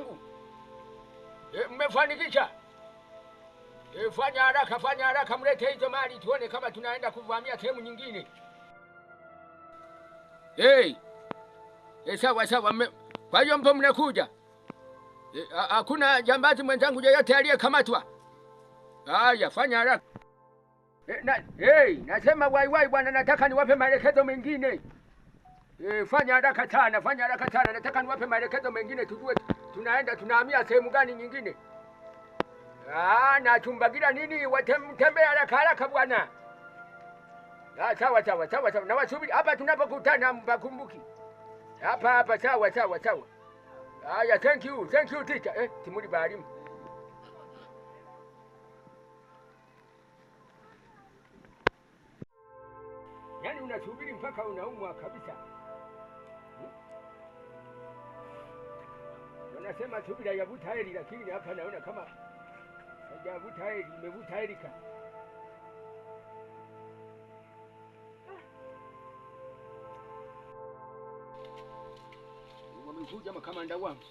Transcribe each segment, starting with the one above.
yangu. E, mmefanikisha? E, fanya haraka, fanya haraka, mlete hizo mali tuone kama tunaenda kuvamia sehemu nyingine. Hey. E, sawa sawa. Mme... Kwa hiyo mpo mnakuja? Hakuna e, jambazi mwenzangu yeyote aliyekamatwa? Haya, fanya haraka. E, na, hey, nasema waiwai bwana, nataka niwape maelekezo mengine. E, fanya haraka sana, fanya haraka sana, nataka niwape maelekezo mengine tujue tunaenda tunahamia sehemu gani nyingine? Ah, na chumbagira nini? Watemtembea haraka haraka bwana. Ah, sawa sawa sawa sawa, na wasubiri hapa tunapokutana, mbakumbuki hapa hapa. Sawa sawa sawa. Haya, thank you thank you teacher. Eh, Timuri Balimu. Yaani unasubiri mpaka unaumwa kabisa. Unasema subira ya butaeli, lakini hapa naona kama hajavuta butaeli imevuta Wamekuja ah. makamanda wangu.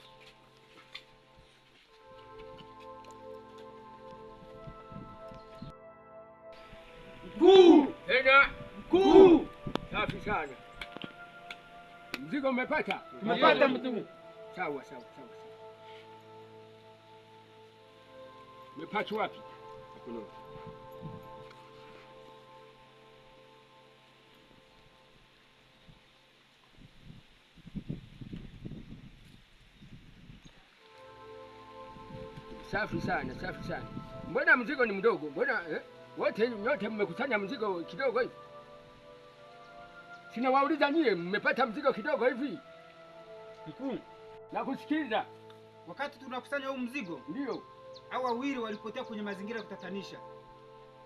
Mkuu! Tena mkuu! Safi sana. Mzigo umepata? Tumepata mtume. Sawa sawa sawa. Mepatu wapi? Hakuna. Safi sana, safi sana. Mbona mzigo ni mdogo? Mbona eh? Wote nyote mmekusanya mzigo kidogo hivi? Sina wauliza nyie mmepata mzigo kidogo hivi? Mkuu, nakusikiliza. Wakati tunakusanya huu mzigo, ndio au wawili walipotea kwenye mazingira ya kutatanisha.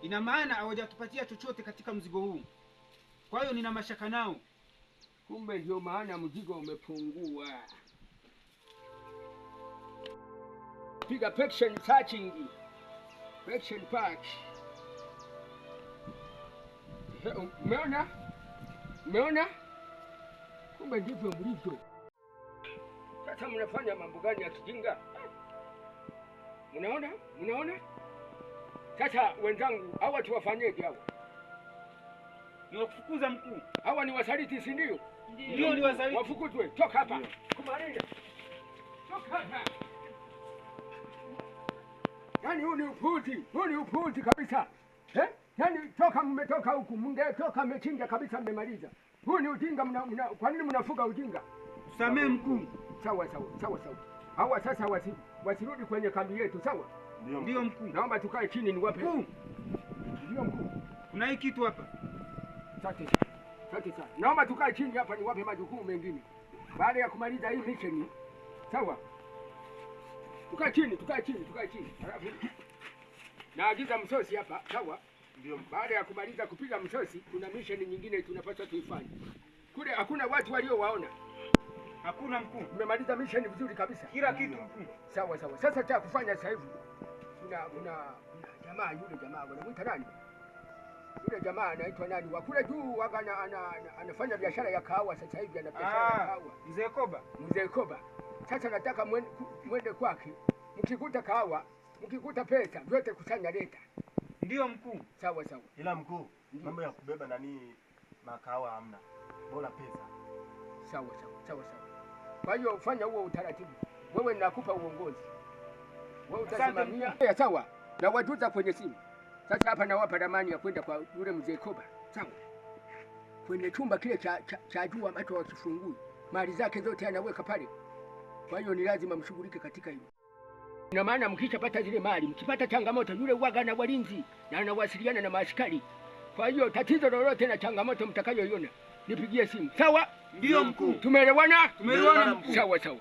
Ina maana hawajatupatia chochote katika mzigo huu, kwa hiyo nina mashaka nao. Kumbe ndio maana mzigo umepungua. Piga pection searching. Pection patch. Umeona? Umeona? Kumbe ndivyo mlivyo. Sasa mnafanya mambo gani ya kijinga? Mnaona, mnaona? Sasa wenzangu, hawa tuwafanyeje? Hawa ni wakufukuza mkuu. Hawa ni wasaliti, si ndio? Ndio, ni wasaliti, wafukuzwe. Toka hapa, kumaliza. toka hapa. Yani huu ni upuzi, huu ni upuzi kabisa eh? Yani toka, mmetoka huku, mngetoka mmechinja kabisa, mmemaliza. Huu ni ujinga. Kwa nini mnafuga ujinga? Samee mkuu. Sawa sawa sawa sawa, hawa sasa wazibu wasirudi kwenye kambi yetu, sawa? Ndio mkuu. Naomba tukae chini niwape. Ndio mkuu. Kuna hii kitu hapa. Asante sana. Asante sana. Naomba tukae chini hapa niwape majukumu mengine. Baada ya kumaliza hii mission, sawa? Tukae chini, tukae chini, tukae chini. Alafu naagiza msosi hapa, sawa? Ndio. Baada ya kumaliza kupiga msosi, kuna mission nyingine tunapaswa tuifanye. Kule hakuna watu waliowaona. Hakuna mkuu. Mmemaliza mission vizuri kabisa. Kila kitu mkuu. Sawa sawa. Sasa cha kufanya sasa hivi kuna kuna jamaa yule jamaa wanamuita nani? Yule jamaa anaitwa nani? Wa kule juu waga ana, ana, anafanya biashara ya kahawa sasa hivi ana biashara ya ah, kahawa. Mzee Koba. Mzee Koba. Sasa nataka mwende kwake. Mkikuta kahawa, mkikuta pesa, vyote kusanya leta. Ndio mkuu. Sawa sawa. Ila mkuu, mambo ya kubeba nani makahawa hamna. Bora pesa. Sawa sawa. Sawa sawa. Kwa hiyo ufanya huo utaratibu, wewe nakupa uongozi, wewe utasimamia sawa, na wajuza kwenye simu. Sasa hapa nawapa ramani ya kwenda kwa yule mzee Koba, sawa, kwenye chumba kile cha, cha, cha juu ambacho wakifungui mali zake zote anaweka pale. Kwa hiyo ni lazima mshughulike katika hilo. Ina maana mkishapata zile mali, mkipata changamoto, yule uwaga na walinzi na anawasiliana na maaskari. Kwa hiyo tatizo lolote na changamoto mtakayoiona nipigie simu, sawa. Ndio mkuu. Tumeelewana? Tumeelewana mkuu. Sawa sawa.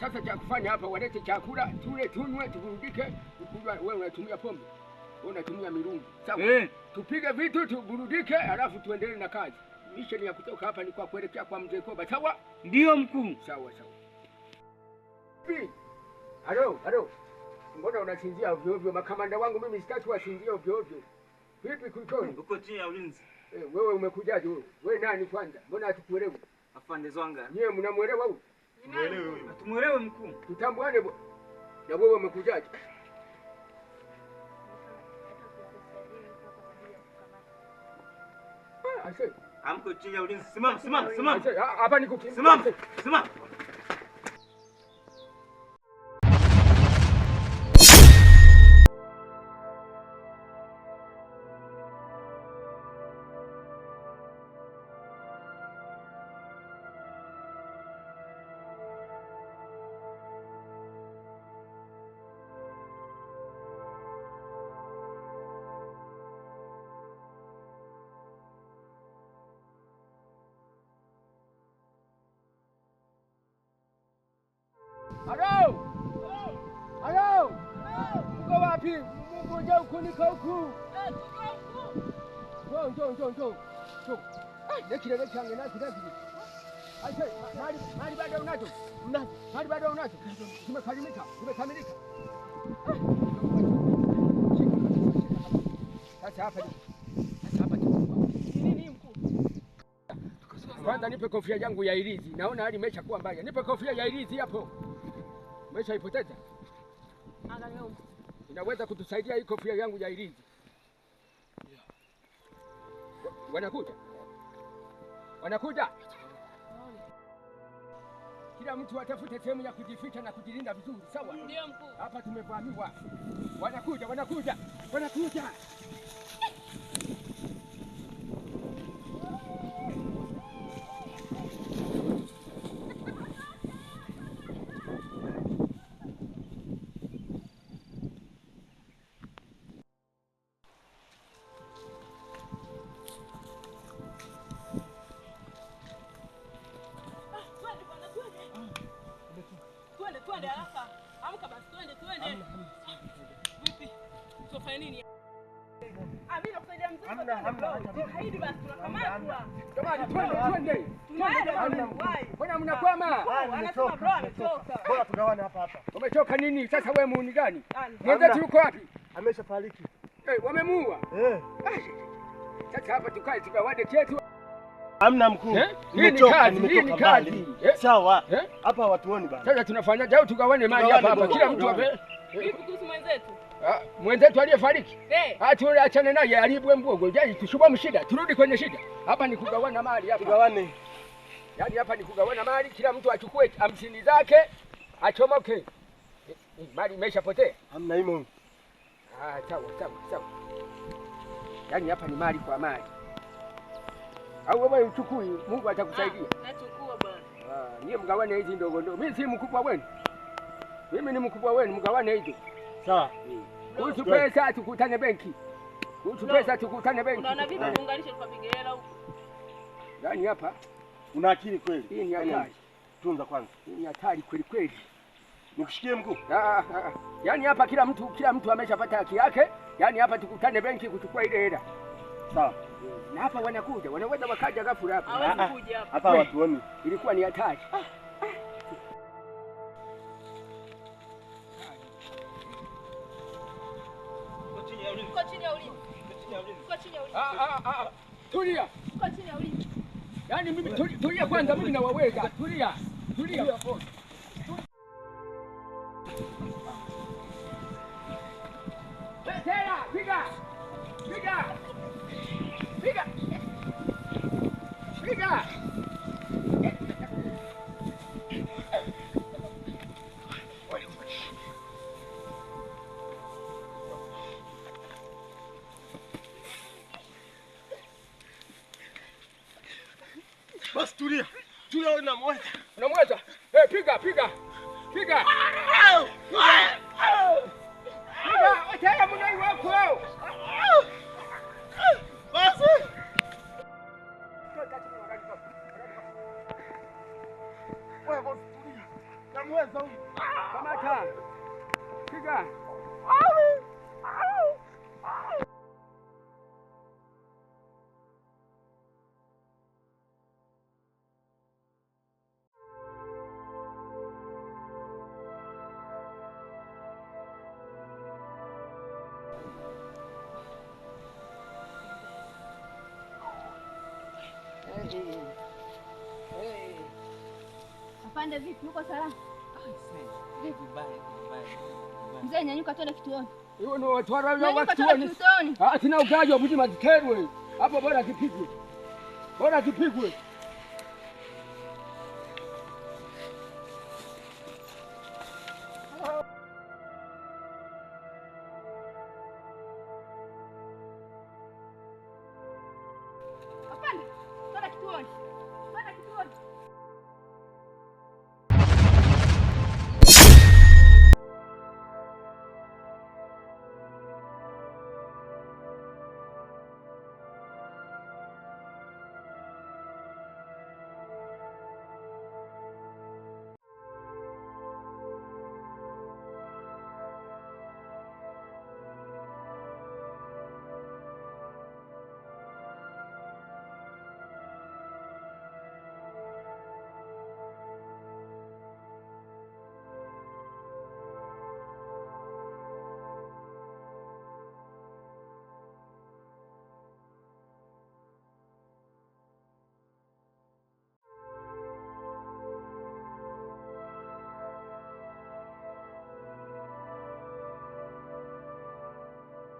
Sasa cha kufanya hapa, walete chakula tule, tunywe, tuburudike. Wewe unatumia pombe, wewe unatumia mirungu. Sawa. Eh. Tupige vitu tuburudike, alafu tuendelee na kazi. Misheni ya kutoka hapa ni kwa kuelekea kwa mzee Koba. Sawa? Ndio mkuu. Sawa sawa. Halo, halo. Mbona unasinzia ovyo ovyo? Makamanda wangu mimi sitaki wasinzie ovyo ovyo. Vipi kulikoni? Uko chini ya ulinzi. Eh, wewe umekujaje wewe? Wewe nani kwanza? Mbona hatukuelewi? Afande Zwanga. Nyewe mnamuelewa huyu? Tumuelewe mkuu. Tutambuane bwana. Na wewe umekujaje? Ah, Amko Simama, simama, simama. Simama, simama. Halo! Halo! Mko wapi? huku niko huku. Njoo njoo njoo njoo. Njoo. mali mali bado unacho. Unacho. Mali bado unacho. Sasa hapa sasa hapa Kwanza nipe kofia yangu ya irizi. Naona hali imeshakuwa mbaya. Nipe kofia ya ilizi hapo. Umeshaipoteza? Angalau. Inaweza kutusaidia hii kofia yangu ya ilinzi. Yeah. Wanakuja. Wanakuja. Kila mtu atafute sehemu ya kujificha na kujilinda vizuri, sawa? Ndio mkuu. Hapa tumevamiwa. Wanakuja, wanakuja. Wanakuja. Twende haraka. Amka basi twende twende. Vipi? Tufanye nini? Umechoka nini? Sasa wewe muuni gani? Ah, Mwenzetu yuko wapi? Ameshafariki. Eh, wamemuua. Eh. Eh. Sasa hapa tukae tukawade chetu. Amna mkuu. Eh? Hii ni kazi, hii ni kazi. Eh? Sawa. Eh? Hapa watu woni bana. Sasa tunafanya jao tugawane mali hapa hapa kila mtu ape. Ah, mwenzetu aliyefariki Eh. Ah, achane naye, alibwe mbogo Jaji tushuba mshida, turudi kwenye shida. Hapa ni kugawana mali hapa. Tugawane. Yaani hapa ni kugawana mali, kila mtu achukue hamsini zake achomoke. Mali imeshapotea. Amna himo. Ah, sawa sawa sawa. Yaani hapa ni mali kwa mali au wewe uchukui, Mungu atakusaidia. Ah, nachukua bwana. Ah, yeye mgawane hizi ndogo ndogo. Mimi si mkubwa wenu. Mimi ni mkubwa wenu, mgawane hizi. Sawa. Hmm. Kuhusu pesa tukutane benki. Kuhusu pesa tukutane benki. Unaona vipi eh. muunganishe kwa bigela huko? Ndani hapa. Una akili kweli? Hii ni hatari. Tunza kwanza. Hii ni hatari kweli kweli. Nikushikie mguu. Ah, ah, ah. Yaani hapa kila mtu kila mtu ameshapata haki yake. Yaani hapa tukutane benki kuchukua ile hela. Sawa na hapa wanakuja, wanaweza wakaja ghafla hapa. Hawezi ah, ah. kuja hapa. Hapa watuoni. Ilikuwa ni hatari. Ah, tulia. Yaani mimi tulia kwanza mimi nawaweza. Tulia. Tulia. Basi tulia. Tulia wewe unamwacha. Unamwacha. Eh, hey, piga piga. Piga. Piga. Piga. Acha mnai wako wao. Basi. Wewe bosi tulia. Kamweza huyu. Kamata. Piga. Au. Au. Au. Afande, vipi? Uko salama? Mzee, nyanyuka twende kituoni. Sina ah, ugaji wa mji mazikerwe hapo, bora kipigwe, bora kipigwe.